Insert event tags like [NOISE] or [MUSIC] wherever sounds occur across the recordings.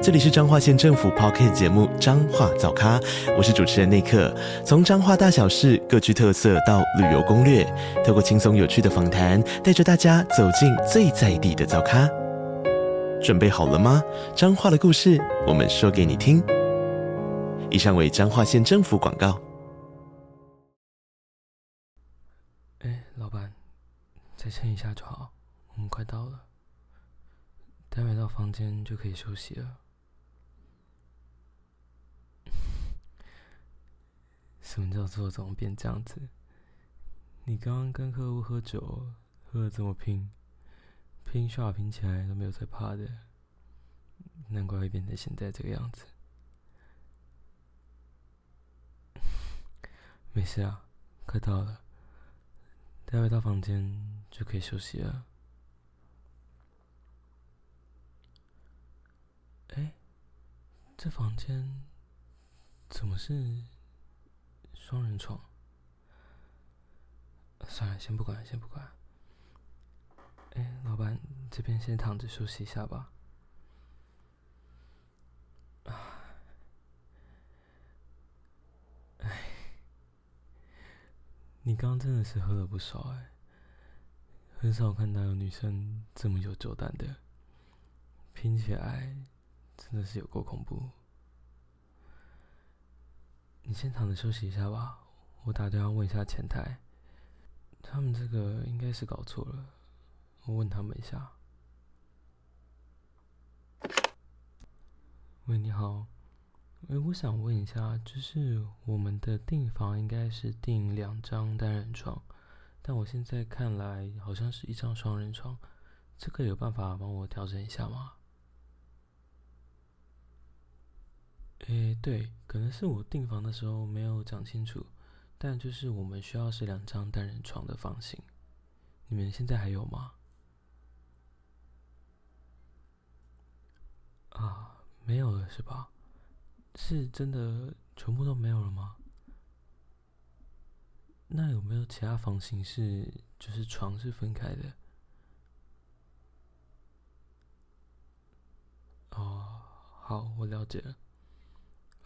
這裡是彰化縣政府 Podcast 節目《彰化早咖》，我是主持人內克。從彰化大小事各具特色到旅遊攻略，透過輕鬆有趣的訪談，帶着大家走進最在地的早咖。準備好了嗎？彰化的故事，我們說給你聽。以上為彰化縣政府廣告。哎，老板，再撐一下就好，我們快到了。待會到房間就可以休息了。怎麼叫做怎麼變這樣子？你剛剛跟客戶喝酒，喝了這麼拼，拼耍拼起來都沒有在怕的，難怪會變成現在這個樣子。 [LAUGHS] 沒事啊，快到了，待會到房間就可以休息了。哎，這房間怎麼是？雙人床，算了，先不管了，先不管。哎、欸，老闆，這邊先躺着休息一下吧。哎，你剛真的是喝了不少哎、欸，很少看到有女生這麼有酒膽的，拼起來真的是有夠恐怖。你先躺着休息一下吧，我打電話問一下前台，他們這個應該是搞錯了，我問他們一下。喂，你好，哎、欸，我想問一下，就是我們的訂房應該是訂兩張單人床，但我現在看來好像是一張雙人床，這個有辦法幫我調整一下嗎？誒、欸，對。可能是我訂房的時候沒有講清楚，但就是我們需要是兩張單人床的房型。你們現在還有嗎？啊，沒有了是吧？是真的全部都沒有了嗎？那有沒有其他房型是就是床是分開的？哦，好，我了解了。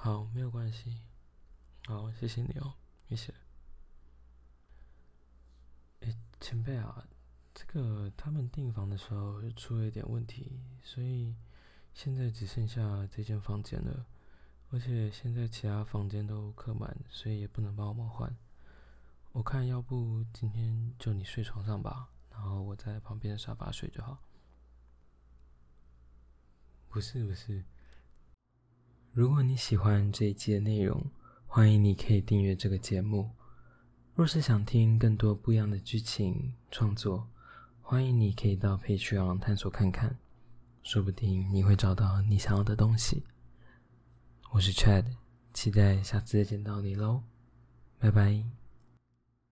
好，沒有關係。好，謝謝你哦，謝謝。欸，前輩啊，這個他們訂房的時候又出了一點問題，所以現在只剩下這間房間了。而且現在其他房間都客滿，所以也不能幫我們換。我看，要不今天就你睡床上吧，然後我在旁邊沙發睡就好。不是，不是。如果你喜歡這一期的內容，歡迎你可以訂閱這個節目。若是想聽更多不一樣的劇情創作，歡迎你可以到 Patreon 網探索看看，說不定你會找到你想要的東西。我是 Chad，期待下次再見到你嘍，拜拜。